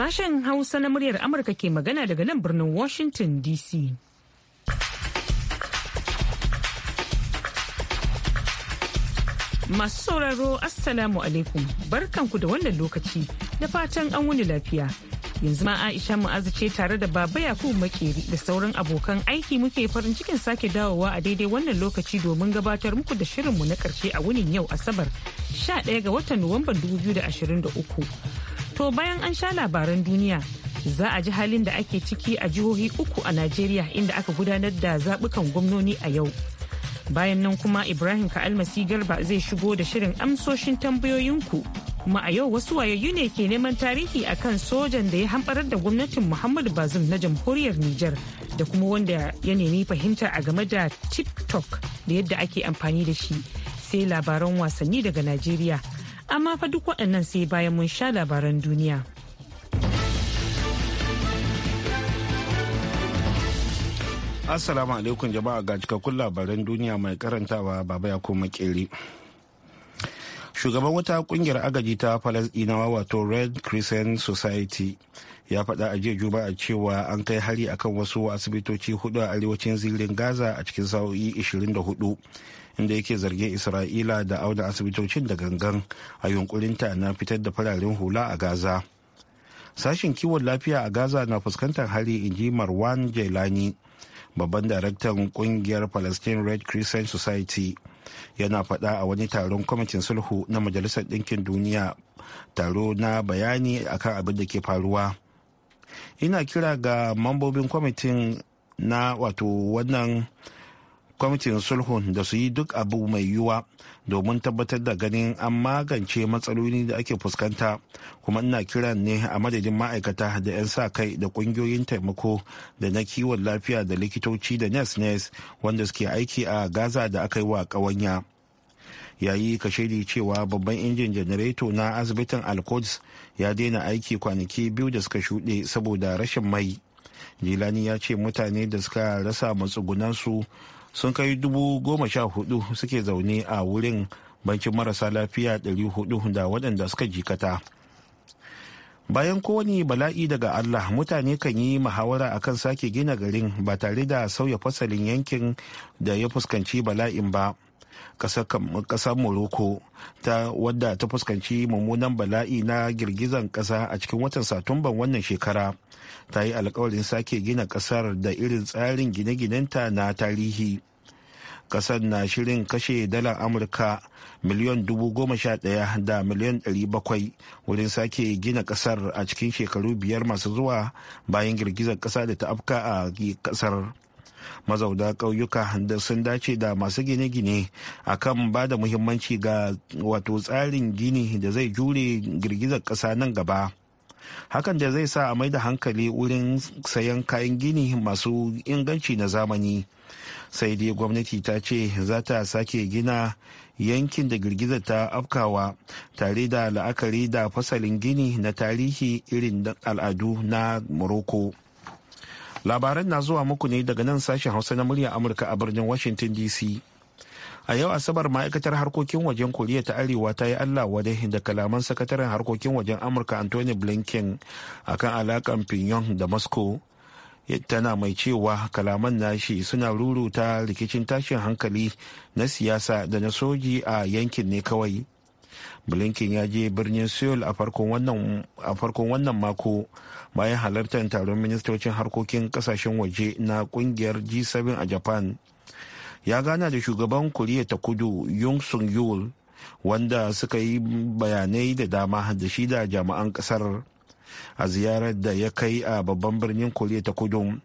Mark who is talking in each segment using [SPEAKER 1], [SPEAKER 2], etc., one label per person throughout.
[SPEAKER 1] Sashen Hausa na muryar Amurka ke magana daga nan birnin Washington DC. Masu sauraro Assalamu alaikum barkanku da wannan lokaci da fatan an wuni lafiya. Yanzu ma Aisha Mu'azu ce tare da Baba Yakubu Makeri da sauran abokan aiki muke farin cikin sake dawowa a daidai wannan lokaci domin gabatar muku da shirinmu na karshe a wunin yau Asabar 11 ga watan Nuwamban 2023. To bayan an sha labaran duniya za a ji halin da ake ciki a jihohi uku a Najeriya inda aka gudanar da zaɓukan gwamnoni a yau. Bayan nan kuma Ibrahim Ka'almasi Garba zai shigo da shirin amsoshin tambayoyinku. Kuma a yau wasu wayayyu ne ke neman tarihi a kan sojan da ya hamɓarar da gwamnatin Muhammadu Bazum na jamhuriyar Nijar da kuma wanda ya nemi fahimta a game da TikTok da yadda ake amfani da shi. Sai labaran wasanni daga Najeriya. amma fa duk waɗannan sai bayan mun sha labaran duniya.
[SPEAKER 2] Assalamu alaikum jama'a ga cikakkun labaran duniya mai karantawa baba ya koma kere. Shugaban wata kungiyar agaji ta Falasdinawa wato Red Crescent Society ya faɗa a jiya juma'a cewa an kai hari akan wasu asibitoci hudu a arewacin zirin Gaza a cikin sa'o'i 24 inda yake zargin isra'ila da auna asibitocin da gangan a yunkurinta na fitar da fararen hula a gaza sashen kiwon lafiya a gaza na fuskantar hari inji marwan jailani babban daraktan kungiyar palestine red crescent society yana faɗa a wani taron kwamitin sulhu na majalisar ɗinkin duniya taro na bayani akan abin da ke faruwa ina kira ga mambobin kwamitin na wato wannan kwamitin sulhun da su yi duk abu mai yiwuwa domin tabbatar da ganin an magance matsaloli da ake fuskanta kuma ina kiran ne a madadin ma'aikata da 'yan sa kai da kungiyoyin taimako da na kiwon lafiya da likitoci da nes nes wanda suke aiki a gaza da aka yi wa ƙawanya yayi kashedi cewa babban injin janareto na asibitin alkods ya daina aiki kwanaki biyu da suka shuɗe saboda rashin mai jilani ya ce mutane da suka rasa matsugunansu sun kai dubu goma sha hudu suke zaune a wurin bankin marasa lafiya ɗari hudu da waɗanda suka jikata bayan kowane bala'i daga allah mutane kan yi muhawara akan sake gina garin ba tare da sauya fasalin yankin da ya fuskanci bala'in ba kasar morocco ta wadda ta fuskanci mummunan bala'i na girgizan kasa a cikin watan satumban wannan shekara ta yi alkawarin sake gina kasar da irin tsarin gine-ginenta na tarihi kasar na shirin kashe dalar amurka miliyon dubu goma sha ɗaya da miliyon ɗari bakwai wurin sake gina kasar a cikin shekaru biyar masu zuwa bayan girgizar kasa da ta afka a kasar mazauna ƙauyuka da sun dace da masu gine-gine akan ba da muhimmanci ga wato tsarin gini da zai jure girgizar ƙasa nan gaba hakan da zai sa a mai da hankali wurin sayan kayan gini masu inganci na zamani sai dai gwamnati ta ce za ta sake gina yankin da girgizar ta afkawa tare da la'akari da fasalin gini na tarihi irin al'adu na morocco labaran na zuwa muku ne daga nan sashen hausa na murya amurka a birnin washington dc a yau asabar ma'aikatar harkokin wajen koriya ta arewa ta yi allah wadai da kalaman sakataren harkokin wajen amurka anthony blinken akan alakan pinyon da moscow tana mai cewa kalaman nashi suna ruruta rikicin tashin hankali na siyasa da na soji a yankin ne kawai blinken ya je birnin seoul a farkon wannan mako bayan halartar taron ministocin harkokin kasashen waje na kungiyar g7 a japan ya gana da shugaban koriya ta kudu yung sung yul wanda suka yi bayanai da dama da shi da jami'an kasar a ziyarar da ya kai a babban birnin koriya ta kudu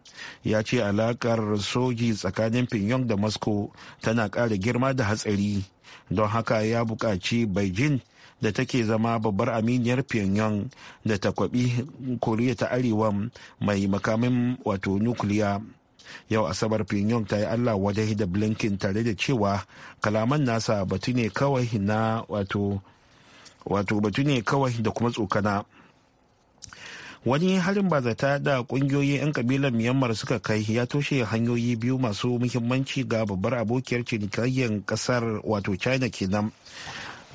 [SPEAKER 2] ya ce alakar soji tsakanin pyongyang da moscow tana ƙara girma da hatsari don haka ya buƙaci beijing da take zama babbar aminiyar pyongyang da ta kwabi koriya ta arewa mai makamin wato nukiliya yau asabar pyongyang ta yi allah wadai da blinken tare da cewa kalaman nasa batu ne kawai na wato wato batu ne kawai da kuma tsokana wani harin ba zata da kungiyoyin 'yan kabilar myanmar suka kai ya toshe hanyoyi biyu masu muhimmanci ga babbar abokiyar cinikayyar kasar wato china kenan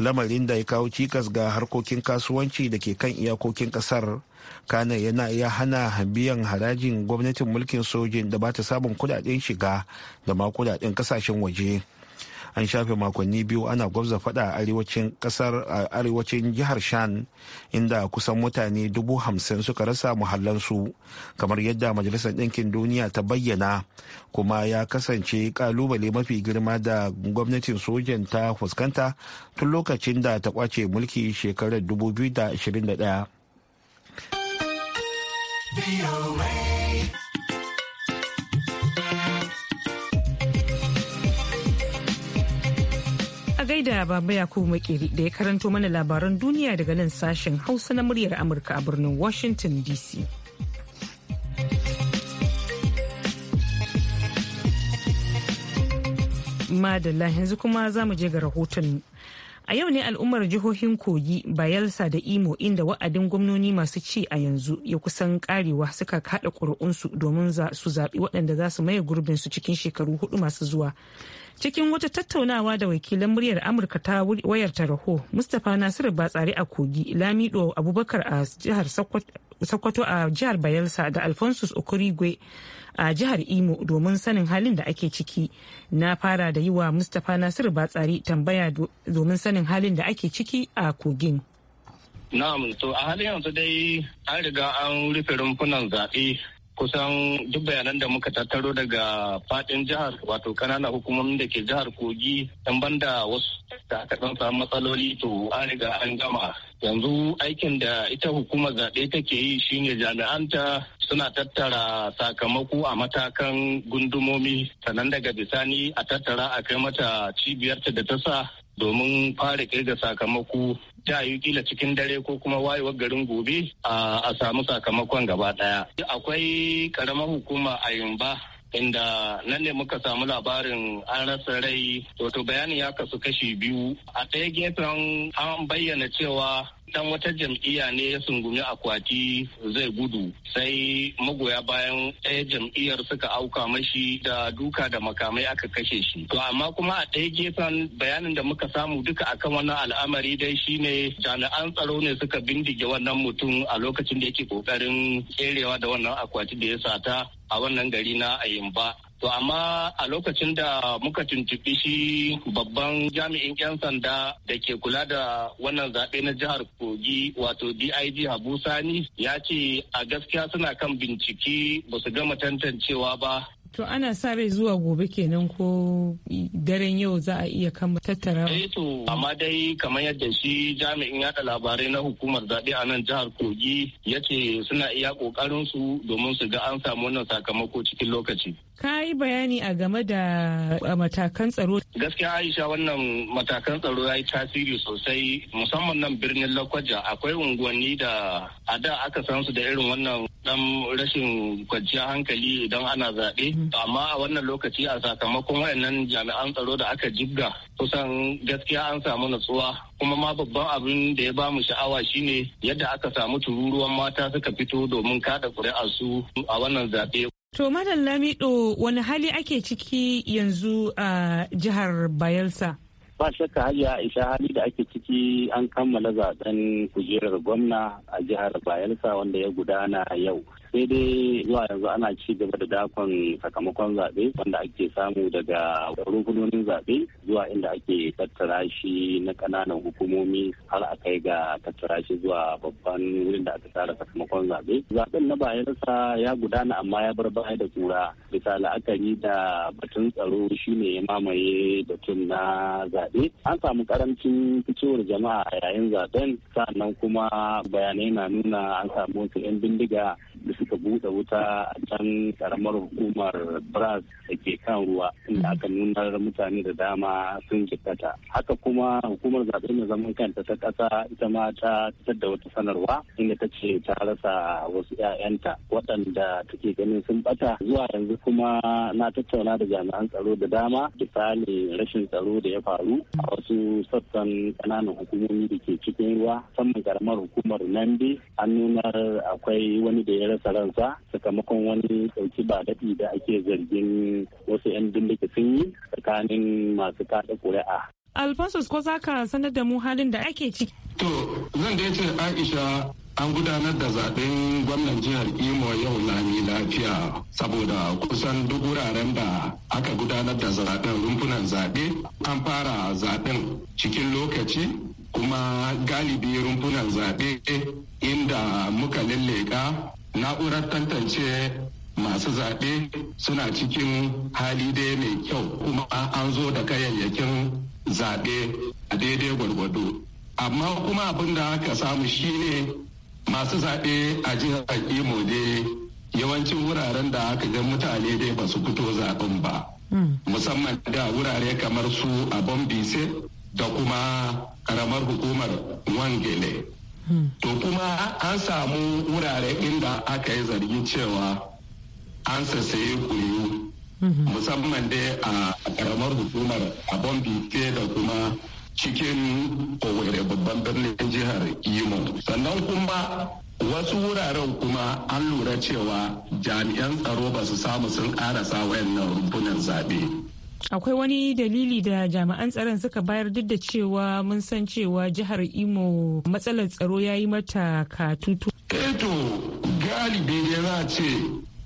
[SPEAKER 2] lamarin da ya kawo cikas ga harkokin kasuwanci da ke kan iyakokin kasar kana yana iya hana biyan harajin gwamnatin mulkin sojin da ba ta samun kudaden shiga da ma kudaden kasashen waje. an shafe makonni biyu ana gwabza fada a arewacin kasar arewacin jihar shan inda kusan mutane dubu hamsin suka rasa muhallansu kamar yadda majalisar ɗinkin duniya ta bayyana kuma ya kasance kalubale mafi girma da gwamnatin sojan ta fuskanta tun lokacin da ta kwace mulki shekarar 2021
[SPEAKER 1] da baba yakubu makeri da ya karanto mana labaran duniya daga nan sashen hausa na muryar amurka a birnin washington dc madalla yanzu kuma za mu je ga rahoton a yau ne al'ummar jihohin kogi bayelsa da imo inda wa'adin gwamnoni masu ci a yanzu ya kusan karewa suka kaɗa ƙuri'unsu domin su zaɓi waɗanda za su maye gurbinsu cikin shekaru hudu masu zuwa cikin wata tattaunawa da wakilan muryar amurka ta wayar raho mustapha nasiru batsari a kogi lamido abubakar a jihar sokoto a jihar bayelsa da alphonsus okorigwe a jihar imo domin sanin halin da ake ciki na fara da yi wa mustapha nasiru batsari tambaya domin sanin halin da ake ciki a kogin
[SPEAKER 3] na'am to a halin yanzu dai an riga an rufe rumfunan zaɓe kusan duk bayanan da muka tattaro daga fadin jihar wato kanana hukumomin da ke jihar kogi dan banda wasu da aka ɗan samu matsaloli to an riga an gama yanzu aikin da ita hukuma zaɓe take yi shine jami'anta suna tattara sakamako a matakan gundumomi sannan daga bisani a tattara a kai mata cibiyarta da ta sa domin fara kirga sakamako ta yi kila cikin dare ko kuma wayewar garin gobe a samu sakamakon gaba daya akwai karamar hukuma a yumba inda nan ne muka samu labarin an rasa rai wato bayanin ya kasu kashi biyu a ɗaya gefen an bayyana cewa dan wata jam'iyya ne ya sungumi akwati zai gudu sai magoya bayan ɗaya jam'iyyar suka auka mashi da duka da makamai aka kashe shi to amma kuma a ɗaya gefen bayanin da muka samu duka akan wannan al'amari dai shine jami'an tsaro ne suka bindige wannan mutum a lokacin da yake kokarin tserewa da wannan akwati da ya sata a wannan gari na ayimba to amma a lokacin da muka tuntuɓi shi babban jami'in 'yan sanda da ke kula da wannan zaɓe na jihar kogi wato dig habu sani ya ce a gaskiya suna kan bincike ba su gama tantancewa ba To
[SPEAKER 1] ana sa rai zuwa gobe kenan ko daren yau za a iya kama tattara. Eh
[SPEAKER 3] to amma dai kamar yadda shi jami'in yada labarai na hukumar zaɓe a nan jihar Kogi yace suna iya ƙoƙarin su domin su ga an samu wannan sakamako cikin lokaci.
[SPEAKER 1] ka yi bayani a game da matakan tsaro.
[SPEAKER 3] Gaskiya Aisha wannan matakan tsaro ya yi tasiri sosai musamman nan birnin Lakwaja akwai unguwanni da a da aka san su da irin wannan dan rashin kwanciyar hankali idan ana zaɓe. Mhm. Amma a wannan lokaci a sakamakon wayannan jami'an tsaro da aka jibga kusan gaskiya an samu natsuwa kuma ma babban abin da ya bamu sha'awa shine yadda aka samu tururuwan mata suka fito domin kada ƙuri'arsu a wannan zaɓe.
[SPEAKER 1] To Malam Lamido wani hali ake ciki yanzu a jihar Bayelsa?
[SPEAKER 4] Ba shakka hajiya Aisha hali da ake ciki an kammala zaben kujerar gwamna a jihar Bayelsa wanda ya gudana yau. sai dai zuwa yanzu ana ci gaba da dakon sakamakon zaɓe wanda ake samu daga rukunonin zaɓe zuwa inda ake tattara shi na ƙananan hukumomi har a kai ga tattara shi zuwa babban wurin da aka tsara sakamakon zaɓe. Zaɓen na bayansa ya gudana amma ya bar baya da kura bisa la'akari da batun tsaro shine ya mamaye batun na zaɓe. An samu karancin fitowar jama'a yayin zaɓen sannan kuma bayanai na nuna an samu wasu 'yan bindiga da suka buɗe wuta a can karamar hukumar bras da ke kan ruwa inda aka nunar mutane da dama sun jikkata haka kuma hukumar zaɓe mai zaman kanta ta ƙasa ita ma ta fitar da wata sanarwa inda ta ce ta rasa wasu 'ya'yanta waɗanda take ganin sun ɓata. zuwa yanzu kuma na tattauna da jami'an tsaro da dama misali rashin tsaro da ya faru a wasu sassan ƙananan hukumomi da ke cikin ruwa musamman karamar hukumar nambi an nunar akwai wani da ya rasa ransa sakamakon wani dauki ba daɗi da ake zargin wasu 'yan bindiga sun yi tsakanin masu kada ƙuri'a.
[SPEAKER 1] Alfonsus ko za ka sanar da mu halin da ake ciki.
[SPEAKER 5] to zan da ce aisha an gudanar da zaben gwamnan jihar imo yau lami lafiya saboda kusan duk wuraren da aka gudanar da zaben rumfunan zaɓe an fara zaben cikin lokaci kuma galibi rumfunan zaɓe inda muka lalleka na'urar tantance masu zaɓe suna cikin hali dai mai kyau kuma an zo da kayayyakin zaɓe a daidai gwargwado amma kuma abin da aka samu shine masu zaɓe a jihar imo dai yawancin wuraren da aka ga mutane dai ba su fito zaɓen ba hmm. musamman da wurare kamar su a bombise da kuma karamar hukumar wangele to kuma an samu wurare inda aka yi zargi cewa an sassaye kuriyu mhm. musamman dai a karamar hukumar abon bite da kuma cikin kowane babban birnin jihar imo sannan kuma wasu wuraren kuma an lura cewa jami'an tsaro ba su samu sun karasa wayannan rumfunan zaɓe
[SPEAKER 1] akwai wani dalili da jami'an tsaron suka bayar duk da cewa mun san cewa jihar imo matsalar tsaro ya yi mata katutu
[SPEAKER 5] eto eh galibi ne za a ce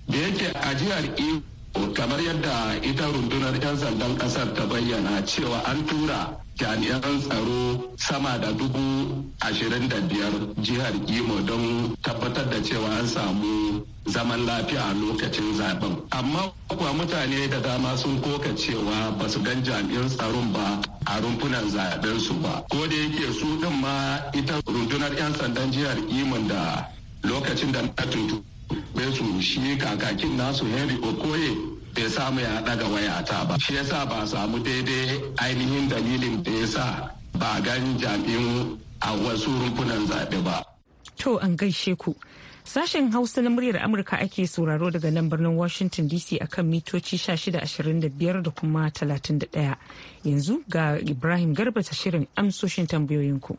[SPEAKER 5] da yake a jihar imo kamar yadda ita rundunar 'yan sandan kasar ta bayyana cewa an tura jami'an tsaro sama da dubu ashirin da biyar jihar Imo don tabbatar da cewa an samu zaman lafiya a lokacin zaben. Amma kuwa mutane da dama sun koka cewa ba su gan jami'an tsaron ba a rumfunan zaben su ba. Ko da yake su din ma ita rundunar 'yan sandan jihar Imo da lokacin da na tuntu su shi kakakin nasu Henry Okoye bai samu ya daga wayata ba shi yasa ba samu daidai ainihin dalilin da yasa ba a gan jami'in a wasu rumfunan zaɓe ba
[SPEAKER 1] to an gaishe ku Sashen Hausa na muryar Amurka ake sauraro daga nan birnin Washington DC akan mitoci 1625 da kuma 31. Yanzu ga Ibrahim Garba ta shirin amsoshin tambayoyinku.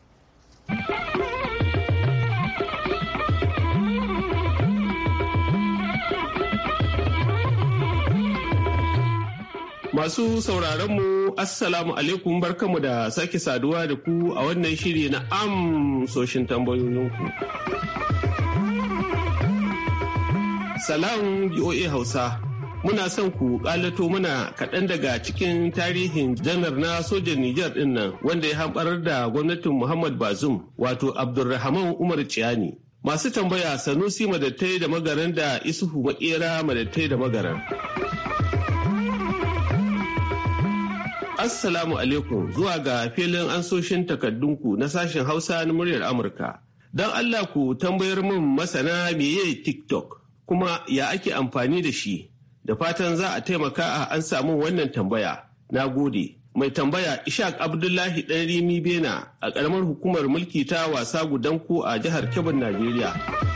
[SPEAKER 6] Masu sauraronmu Assalamu alaikum barkamu da sake saduwa da ku a wannan shiri na amsoshin tambayoyinku. Salam BOA Hausa, muna son ku ƙalato mana kaɗan daga cikin tarihin janar na sojan Nijar ɗin nan wanda ya hamɓarar da gwamnatin Muhammad Bazum wato Abdulrahman Umar Ciyani. Masu tambaya Sanusi Madattai da Magaran da Isuhu Makera Madattai da Magaran. Assalamu alaikum zuwa ga filin ansoshin takaddunku na sashen Hausa na muryar Amurka. Don Allah ku tambayar min masana meye TikTok kuma ya ake amfani da shi. Da fatan za a taimaka a an samu wannan tambaya. Na gode. Mai tambaya Ishak Abdullahi ɗan Rimi Bena a ƙaramar hukumar mulki ta wasa gudanku a jihar Kebbi, Najeriya.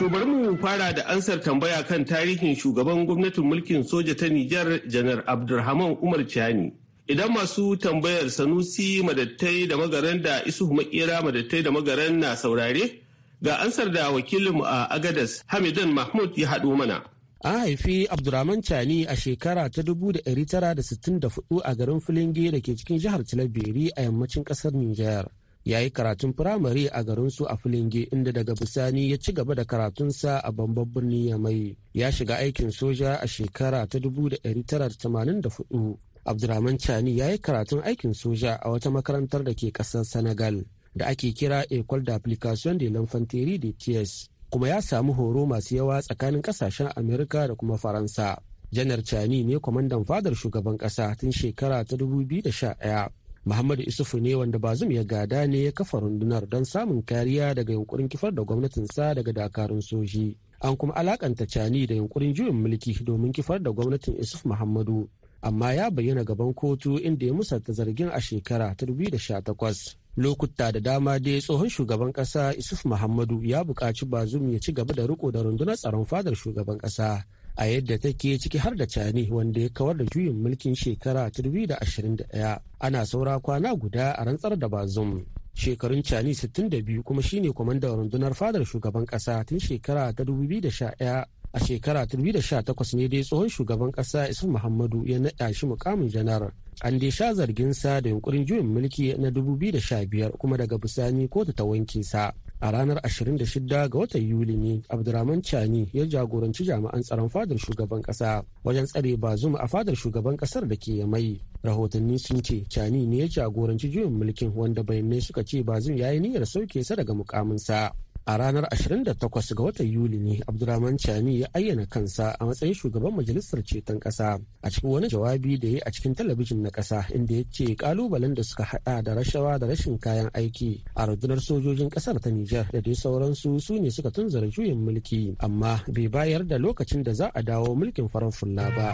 [SPEAKER 6] To bari mu fara da ansar tambaya kan tarihin shugaban gwamnatin mulkin soja ta Nijar janar Abdulrahman Umar Chani. Idan masu tambayar Sanusi madattai da magaran da isu Makera madattai da magaran na saurare, ga ansar da wakilinmu a Agadas Hamidan Mahmud ya haɗo mana.
[SPEAKER 7] An haifi abdulrahman Chani a shekara ta 1964 a garin Filinge da ke cikin jihar Talabiri a yammacin ƙasar Nijar. ya yi karatun firamare a garinsu a filinge inda daga bisani ya ci gaba da karatunsa a bambam birni ya mai ya shiga aikin soja a shekara ta 1984 abdulrahman chani ya yi karatun aikin soja a wata makarantar da ke kasar senegal da ake kira ecole d'application de l'infanterie de ts kuma ya samu horo masu yawa tsakanin kasashen Amurka da kuma faransa janar chani ne kwamandan fadar shugaban kasa tun shekara ta 2011 Muhammadu Isufu ne wanda Bazum ya gada ne ya kafa rundunar don samun kariya daga yunkurin kifar da gwamnatinsa daga dakarun soji. An kuma alakanta cani da yunkurin juyin mulki domin kifar da gwamnatin Isuf Muhammadu. Amma ya bayyana gaban kotu inda ya musanta zargin a shekara ta 2018. Lokuta da dama dai tsohon shugaban kasa Isuf Muhammadu ya buƙaci Bazum ya ci gaba da riko da rundunar tsaron fadar shugaban kasa. a yadda take ciki har da cani wanda ya kawar da juyin mulkin shekara 2021 ana saura kwana guda a rantsar da bazum shekarun cani 62 kuma shine kwamandan rundunar fadar shugaban kasa tun shekara ta 2011 a shekara 2018 ne dai tsohon shugaban kasa isu muhammadu ya naɗa shi mukamin janar an dai sha zargin sa da yunkurin juyin mulki na 2015 kuma daga bisani kotu ta wanke sa a ranar 26 ga watan yuli ne abdurrahman chani ya jagoranci jami'an tsaron fadar shugaban kasa wajen tsare bazum a fadar shugaban kasar da ke yamai rahotanni sun ce chani ne ya jagoranci juyin mulkin wanda bayanai suka ce bazum ya yi niyyar sauke sa daga mukaminsa a ranar 28 ga watan yuli ne abdurrahman chani ya ayyana kansa a matsayin shugaban majalisar ceton kasa a cikin wani jawabi da ya a cikin talabijin na kasa inda ya ce kalubalen da suka hada da rashawa da rashin kayan aiki a rundunar sojojin kasar ta nijar da dai sauransu su ne suka tunzara juyin mulki amma bai bayar da lokacin da za a dawo mulkin farar fulla ba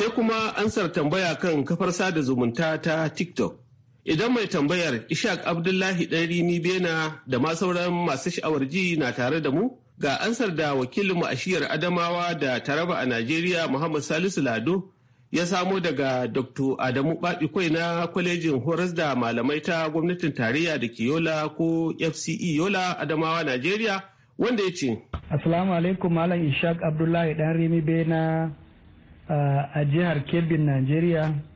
[SPEAKER 6] sai kuma ansar tambaya kan kafar sada zumunta ta tiktok Idan mai tambayar ISHAK Abdullahi rini Bena da ma sauran masu sha'awar ji na tare da mu ga ansar da wakilinmu a shiyar Adamawa da Taraba a Najeriya Muhammad Salisu Lado ya samo daga Dr. Adamu kwai na kwalejin horas da malamai ta gwamnatin tarayya da ke Yola ko FCE Yola Adamawa Najeriya wanda ya ce.
[SPEAKER 8] Assalamu alaikum Malam ISHAK Abdullahi rini Bena uh, a jihar Kebbin Najeriya.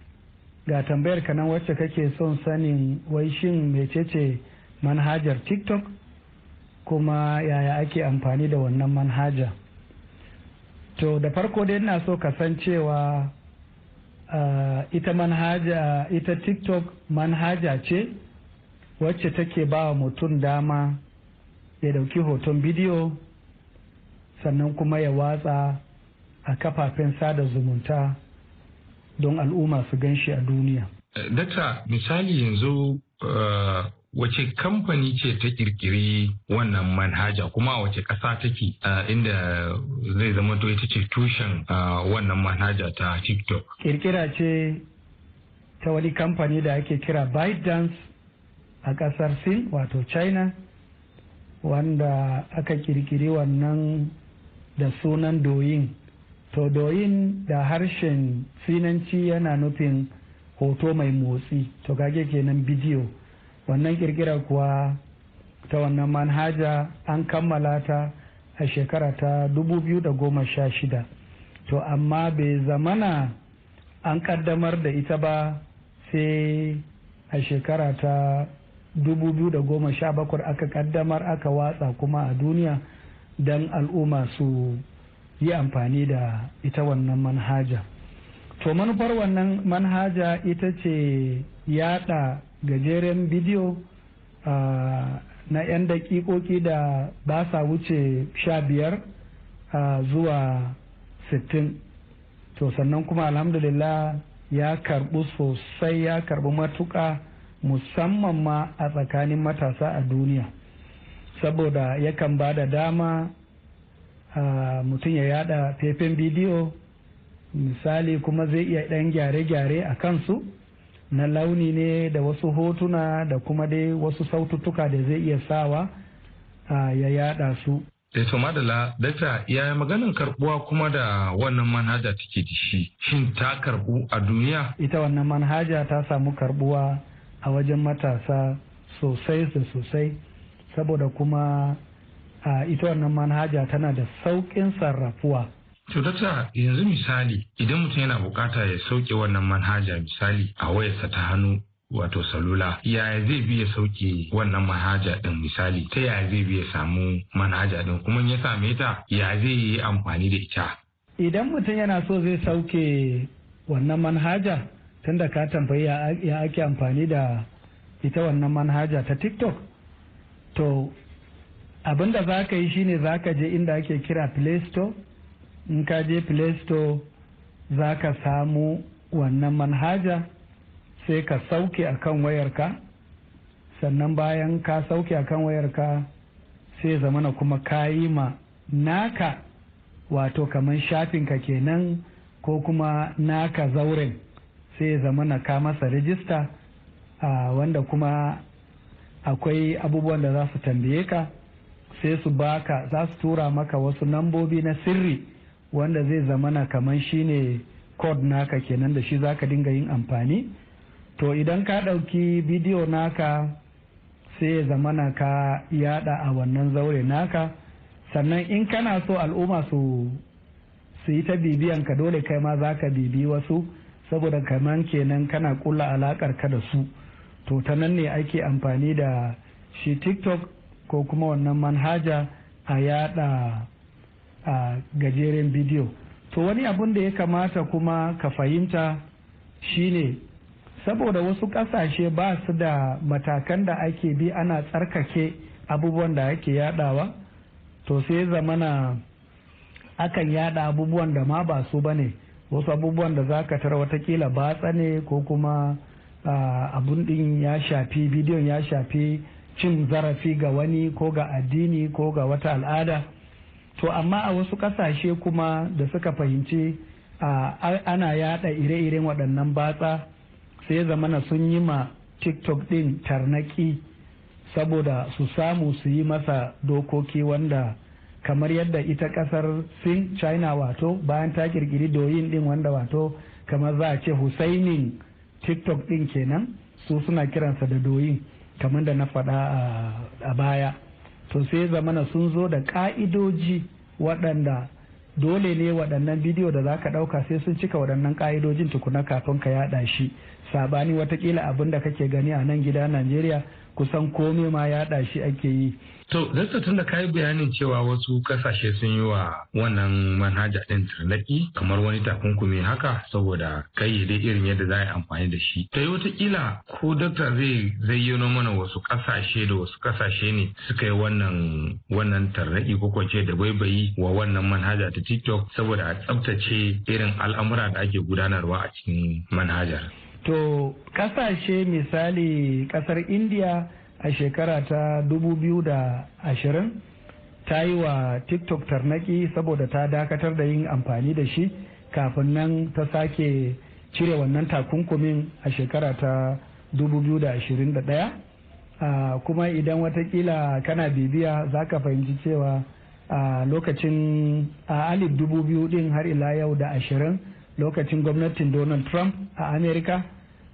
[SPEAKER 8] ga tambayar ka nan wacce kake son sanin wai shin mecece manhajar tiktok kuma yaya ake amfani da wannan manhaja to da farko dai ina so san cewa ita manhaja ita tiktok manhaja ce wacce take ba wa mutum dama ya dauki hoton bidiyo sannan kuma ya watsa a kafafen sada zumunta don al'umma su gan shi a duniya.
[SPEAKER 9] Dakta misali yanzu eh, wace kamfani ce ta kirkiri wannan manhaja kuma wace ƙasa take eh, inda zai zama to ita ce tushen eh, wannan manhaja ta
[SPEAKER 8] TikTok. Kirkira ce ta wani kamfani da ake kira ByteDance a ƙasar Sin wato China wanda aka kirkiri wannan da sunan doyin. to doyin da harshen sinanci yana nufin hoto mai motsi to kage kenan bidiyo wannan kirkira kuwa ta wannan manhaja an kammala ta a shekara ta 2016 to amma bai zamana an kaddamar da ita ba sai a shekara ta 2017 aka kaddamar aka watsa kuma a duniya don al'umma su yi amfani da ita wannan manhaja to manufar wannan manhaja ita ce yada gajeren bidiyo na 'yan daƙiƙoƙi da ba sa wuce sha biyar zuwa sittin to sannan kuma alhamdulillah ya karbu sosai ya karbu matuka musamman ma a tsakanin matasa a duniya saboda yakan ba da dama mutum ya yada faifin bidiyo misali kuma zai iya dan gyare-gyare a kansu na launi ne da wasu hotuna da kuma dai wasu saututtuka da zai iya sawa ya yada su.
[SPEAKER 5] Eto
[SPEAKER 9] eh, madala ya yaya maganin karbuwa kuma da wannan manhaja take da shi shin ta karbu a duniya?
[SPEAKER 8] Ita wannan manhaja ta samu karbuwa a wajen matasa sosai da sosai saboda kuma a ita wannan manhaja tana da sauƙin sarrafuwa.
[SPEAKER 9] To yanzu misali idan mutum yana bukata ya sauke wannan manhaja misali a wayarsa ta hannu wato salula yaya zai biya sauke wannan manhaja din misali ta yaya zai biya samu manhaja din kuma ya same ta ya zai yi amfani da ita.
[SPEAKER 8] Idan mutum yana so zai sauke wannan manhaja tunda ka tambayi ya ake amfani da ita wannan manhaja ta TikTok to abin da za ka yi shine za ka je inda ake kira play in ka je play store za ka samu wannan manhaja sai ka sauke a kan wayarka sannan bayan ka sauke a kan wayarka sai zamana kuma ka yi ma naka wato kamar shafinka kenan ko kuma naka zauren sai zamana ka masa rijista ah, wanda kuma akwai abubuwan da za su tambaye ka sai su baka za su tura maka wasu nambobi na sirri wanda zai zamana kamar shine code naka kenan da shi zaka dinga yin amfani to idan ka ɗauki bidiyo naka sai ya zamana ka yada a wannan zaure naka sannan in kana so al'umma su su yi ta bibiyan ka dole kai ma za ka bibi wasu saboda kaman kenan kana kula alakar ka da su to ta nan ne ake amfani da shi tiktok ko kuma wannan manhaja a yada a gajeren bidiyo to wani abun da ya kamata kuma ka fahimta shine saboda wasu kasashe ba su da matakan da ake bi ana tsarkake abubuwan da ake yadawa to sai zamana akan yada abubuwan da ma ba su bane wasu abubuwan da za ka tara watakila batsa ne ko kuma abun din ya shafi bidiyon ya shafi cin zarafi ga wani ko ga addini ko ga wata al'ada to amma a wasu kasashe kuma da suka fahimci ana yada ire-iren waɗannan batsa sai zamana sun yi ma tiktok ɗin tarnaki saboda su samu su yi masa dokoki wanda kamar yadda ita kasar sin china wato bayan ta kirkiri doyin ɗin wanda wato kamar za a ce husainin tiktok ɗin kenan su suna kiransa da doyin kamar da na faɗa a baya to sai zamana sun zo da ƙa'idoji waɗanda dole ne waɗannan bidiyo da za ka ɗauka sai sun cika waɗannan ƙa'idojin tukuna kafin ka yaɗa shi sabani watakila abin da kake gani a nan gida najeriya kusan kome ma yaɗa shi ake yi
[SPEAKER 9] To, Dasta tun da ka yi bayanin cewa wasu kasashe sun yi wa wannan manhaja ɗin tarnaki kamar wani takunkumi haka saboda kai dai irin yadda za a yi amfani da shi. Ta yi watakila ko dakta zai zayyano mana wasu kasashe da wasu kasashe ne suka yi wannan wannan tarnaki ko kwace da baibayi wa wannan manhaja ta TikTok saboda a tsabtace irin al'amura da ake gudanarwa a cikin manhajar.
[SPEAKER 8] to kasashe misali kasar india a shekara ta 2020 ta yi wa tiktok tarnaki saboda ta dakatar da yin amfani da shi kafin nan ta sake cire wannan takunkumin a shekara ta 2021 kuma idan watakila kana bibiya za ka fahimci cewa a lokacin a alif dubu biyu din har ila yau da ashirin lokacin gwamnatin donald trump a amerika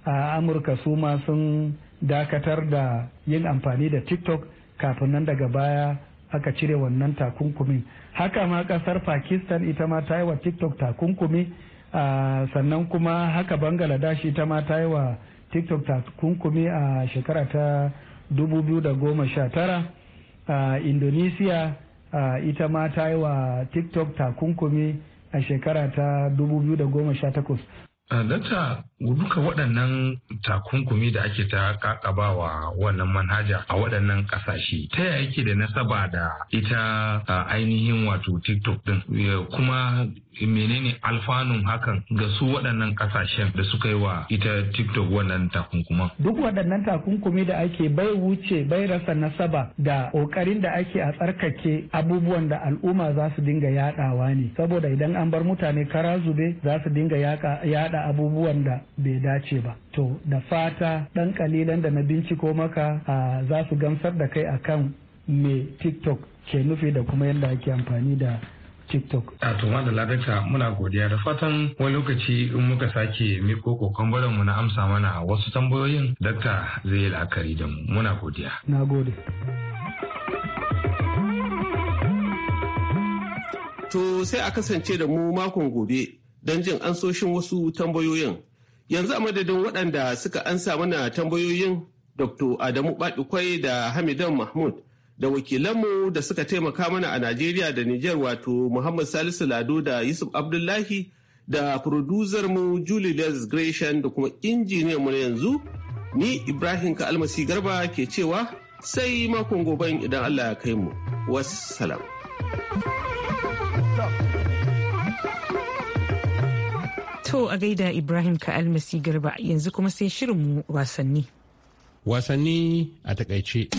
[SPEAKER 8] a amurka su ma sun dakatar da yin amfani da tiktok kafin nan daga baya aka cire wannan takunkumin haka ma kasar pakistan ita ma ta yi wa tiktok takunkumi sannan kuma haka bangaladesh ita ma ta yi wa tiktok takunkumi a shekara ta 2019 indonesia ita ma ta yi wa tiktok takunkumi a shekara ta 2018
[SPEAKER 9] Dakta duka waɗannan takunkumi da ake ta kakabawa wannan manhaja a waɗannan ƙasashe ta yaya yake da nasaba da ita ainihin wato tiktok din kuma menene alfanun hakan ga su waɗannan ƙasashen da suka yi wa ita tiktok wannan takunkuman
[SPEAKER 8] duk waɗannan takunkumi da ake bai wuce bai rasa nasaba da ƙoƙarin da ake a tsarkake abubuwan da al'umma za su dinga yaɗawa ne saboda idan an bar mutane kara zube za su dinga yaɗa abubuwan da bai dace ba to da fata ɗan kalilan da na binciko maka za su gamsar da kai akan me tiktok ke nufi da kuma yadda ake amfani da TikTok.
[SPEAKER 9] A to da muna godiya da fatan wani lokaci in muka sake miko kokon na amsa mana wasu tambayoyin dakta zai yi la'akari da mu muna godiya.
[SPEAKER 8] Na gode.
[SPEAKER 6] To sai a kasance da mu makon gobe don jin ansoshin wasu tambayoyin. Yanzu a madadin waɗanda suka ansa mana tambayoyin Dr. Adamu Baɗikwai da Hamidan Mahmud da wakilanmu da suka taimaka mana a Najeriya da niger wato Muhammad Salisu Lado da Yusuf Abdullahi da mu Julie Gresham da kuma injiniyan mu na yanzu ni Ibrahim kalmasi Garba ke cewa sai makon gobe idan Allah ya kai mu. Wassalam.
[SPEAKER 1] To a gaida Ibrahim ka almasi garba yanzu kuma sai shirinmu wasanni.
[SPEAKER 10] Wasanni a takaice.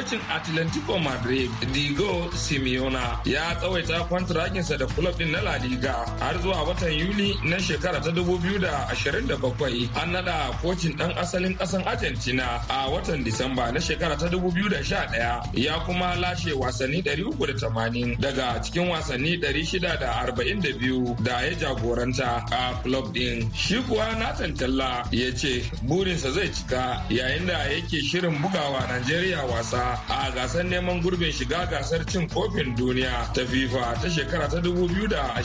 [SPEAKER 10] kocin atlantico madrid diego simeona ya tsawaita kwantarakinsa da kulob ɗin na la liga har zuwa watan yuli na shekara ta 2027 an nada kocin ɗan asalin kasan argentina a watan disamba na shekara ta 2011 ya kuma lashe wasanni 380 daga cikin wasanni 642 da ya jagoranta a kulob din shi kuwa nathan talla ya ce burinsa zai cika yayin da yake shirin bugawa najeriya wasa a gasar neman gurbin shiga gasar cin kofin duniya ta FIFA ta shekara ta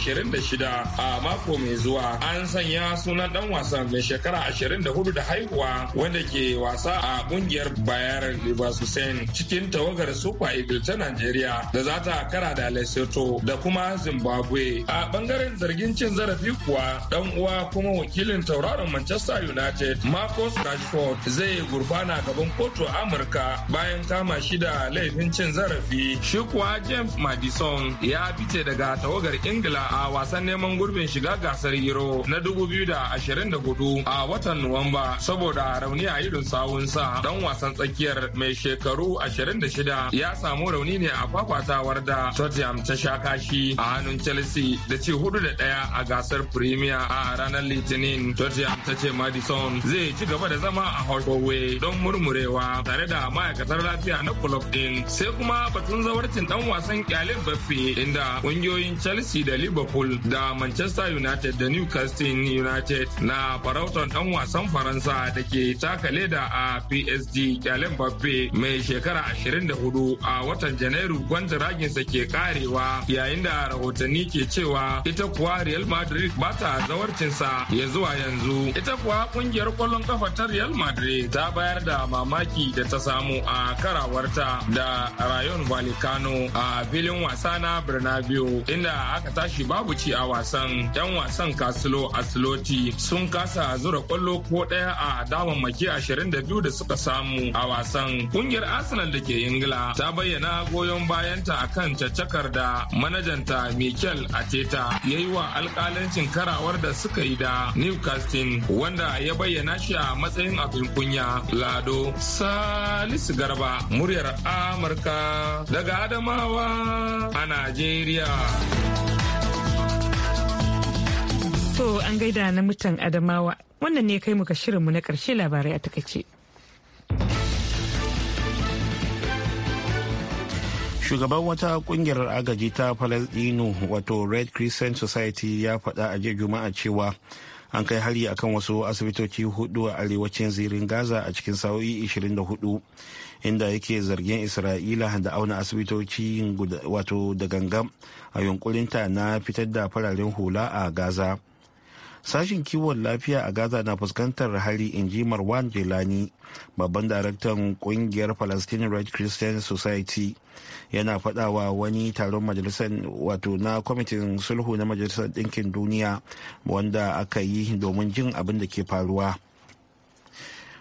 [SPEAKER 10] shida a mako mai zuwa. An sanya sunan dan wasan mai shekara 24 da haihuwa wanda ke wasa a kungiyar Bayar Rivers Hussein cikin tawagar Super eagle ta Najeriya da za ta kara da Lesotho da kuma Zimbabwe. A bangaren zargin cin zarafi kuwa dan uwa kuma wakilin tauraron Manchester United Marcus Rashford zai gurfana gaban kotu Amurka bayan kama goma shi laifin cin zarafi shi kuwa james madison ya fice daga tawagar ingila a wasan neman gurbin shiga gasar euro na 2024 a watan nuwamba saboda rauni a idon sawunsa don wasan tsakiyar mai shekaru 26 ya samu rauni ne a kwakwatawar da tottenham ta sha kashi a hannun chelsea da ce hudu da ɗaya a gasar premier a ranar litinin tottenham ta ce madison zai ci gaba da zama a hallway don murmurewa tare da ma'aikatar lafiya na club din sai kuma batun zawarcin dan wasan kyalin baffe inda kungiyoyin chelsea da liverpool da manchester united da newcastle united na farautar dan wasan faransa da ke taka leda a PSG kyalin baffe mai shekara 24 a watan janairu sa ke karewa yayin da rahotanni ke cewa ita kuwa real madrid ba ta zawarcinsa ya zuwa yanzu ita kuwa kungiyar kwallon kafa ta real madrid ta bayar da mamaki da ta samu a karawa karawarta da Rayon balikano a filin wasa na Bernabeu inda aka tashi babu ci a wasan. 'Yan wasan Kasulo asiloti sun kasa zura kwallo ko ɗaya a maki 22 da suka samu a wasan. Kungiyar Arsenal da ke Ingila ta bayyana goyon bayanta akan caccakar da manajanta Mikel Ateta ya yi wa alkalancin karawar da suka yi da Newcastle wanda ya bayyana shi a matsayin abin kunya Lado Salisu Garba. muryar Amurka daga Adamawa a Najeriya.
[SPEAKER 1] To an gaida na mutan Adamawa wannan ne kai muka shirinmu na ƙarshe labarai a takaice.
[SPEAKER 2] shugaban wata kungiyar agaji ta falasdino wato red crescent society ya faɗa a jiya juma'a cewa an kai hari akan wasu asibitoci hudu a arewacin zirin gaza a cikin sa'o'i 24 inda yake zargin isra'ila da auna asibitoci wato da gangan a yunkurinta na fitar da fararen hula a gaza sashen kiwon lafiya a gaza na fuskantar hari in ji marwan jelani babban daraktan kungiyar palestinian red christian society yana fadawa wani taron majalisar wato na kwamitin sulhu na majalisar ɗinkin duniya wanda aka yi domin jin abin da ke faruwa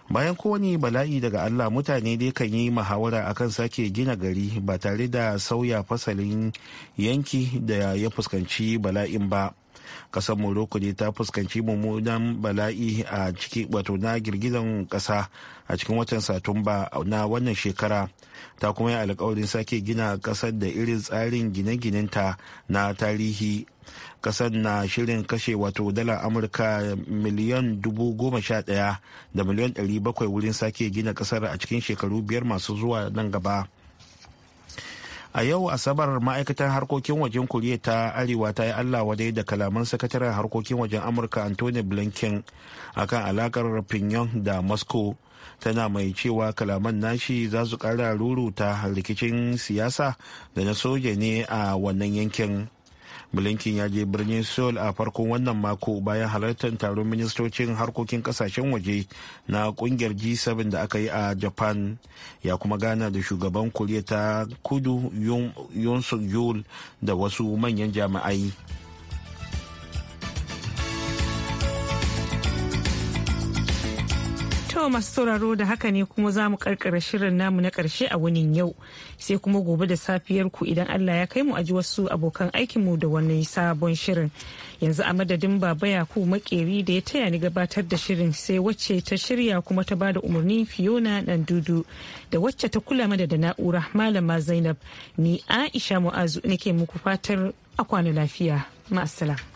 [SPEAKER 2] bayan kowane bala'i daga allah mutane dai kan yi muhawara akan sake gina gari ba tare da sauya fasalin yanki da ya fuskanci bala'in ba kasar morocco ne ta fuskanci mummunan bala'i a ciki wato na girgizan kasa a cikin watan satumba na wannan shekara ta kuma yi alkawarin sake gina kasar da irin tsarin gine ta na tarihi kasar na shirin kashe wato dala amurka miliyan dubu goma sha daya da miliyan ɗari bakwai wurin sake gina kasar a cikin shekaru biyar masu zuwa nan gaba a yau asabar ma'aikatan harkokin wajen koriya ta arewa ta yi allah wadai da kalaman sakataren harkokin wajen amurka anthony blinken kan alakar pinyon da moscow tana mai cewa kalaman nashi za su kara ruruta rikicin siyasa da na soja ne a wannan yankin blinken ya je birnin seoul a farkon wannan mako bayan halartar taron ministocin harkokin kasashen waje na kungiyar g7 da aka yi a japan ya kuma gana da shugaban koriya ta kudu yun suk yul da wasu manyan jami'ai To masu
[SPEAKER 1] sauraro da haka ne kuma za mu karkara shirin namu na karshe a wani yau sai kuma gobe da safiyar ku idan Allah ya kai mu aji wasu abokan aikinmu da wannan sabon shirin. Yanzu a madadin baba ku makeri da ya taya ni gabatar da shirin sai wacce ta shirya kuma ta bada umarni Fiona nan dudu da wacce ta kula mada da na'ura malama Zainab ni Aisha Mu'azu nake muku fatar a kwana lafiya. Ma'assalam.